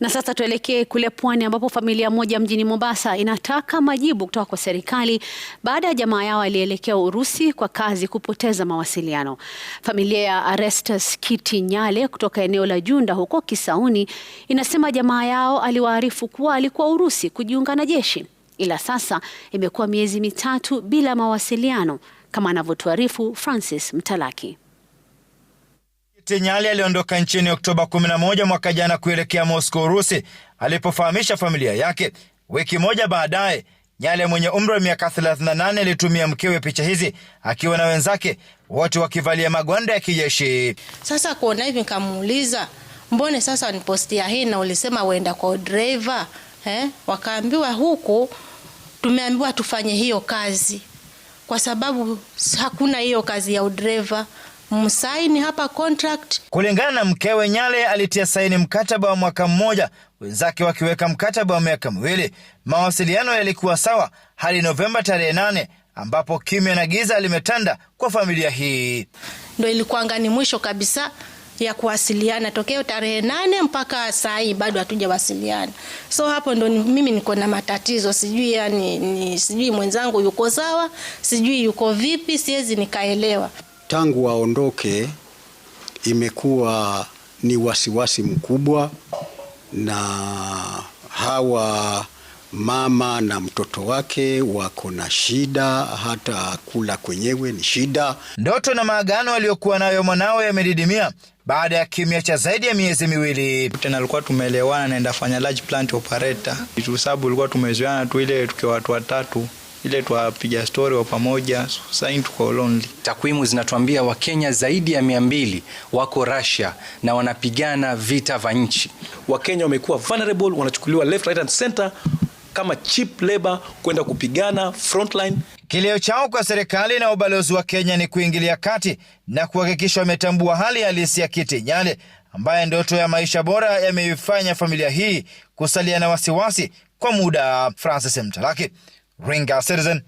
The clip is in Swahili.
Na sasa tuelekee kule pwani ambapo familia moja mjini Mombasa inataka majibu kutoka kwa serikali baada ya jamaa yao alielekea Urusi kwa kazi kupoteza mawasiliano. Familia ya Arestus Kiti Nyale kutoka eneo la Junda huko Kisauni inasema jamaa yao aliwaarifu kuwa alikuwa Urusi kujiunga na jeshi, ila sasa imekuwa miezi mitatu bila mawasiliano, kama anavyotuarifu Francis Mtalaki. Tenyali aliondoka nchini Oktoba 11 mwaka jana kuelekea Moscow, Urusi, alipofahamisha familia yake. Wiki moja baadaye, Nyale mwenye umri wa miaka 38 alitumia mkewe picha hizi akiwa na wenzake wote wakivalia magwanda ya kijeshi. Sasa kuona hivi, nikamuuliza mbone sasa wanipostia hii na ulisema uenda kwa driver eh? Wakaambiwa huku tumeambiwa tufanye hiyo kazi kwa sababu hakuna hiyo kazi ya udreva msaini hapa contract. Kulingana na mkewe, Nyale alitia saini mkataba wa mwaka mmoja, wenzake wakiweka mkataba wa miaka miwili. Mawasiliano yalikuwa sawa hadi Novemba tarehe nane ambapo kimya na giza limetanda kwa familia hii. Ndo ilikuanga ni mwisho kabisa ya kuwasiliana tokeo tarehe nane mpaka saa hii bado hatujawasiliana. So hapo ndo ni, mimi niko na matatizo sijui, yani ni, sijui mwenzangu yuko sawa, sijui yuko vipi, siwezi nikaelewa tangu waondoke imekuwa ni wasiwasi mkubwa, na hawa mama na mtoto wake wako na shida, hata kula kwenyewe ni shida. Ndoto na maagano aliyokuwa nayo mwanao yamedidimia baada ya kimya cha zaidi ya miezi miwili. Tena alikuwa tumeelewana, naenda fanya large plant operator, kwa sababu ulikuwa tumezoeana tu ile tukiwa watu watatu ile twapiga stori wa pamoja lonely. Takwimu zinatuambia Wakenya zaidi ya mia mbili wako Russia na wanapigana vita vya nchi. Wakenya wamekuwa vulnerable, wanachukuliwa left, right and center kama cheap labor kwenda kupigana frontline. Kilio chao kwa serikali na ubalozi wa Kenya ni kuingilia kati na kuhakikisha wametambua hali halisi ya Kiti Nyale, ambaye ndoto ya maisha bora yameifanya familia hii kusalia na wasiwasi kwa muda. Francis Mtalaki our Citizen.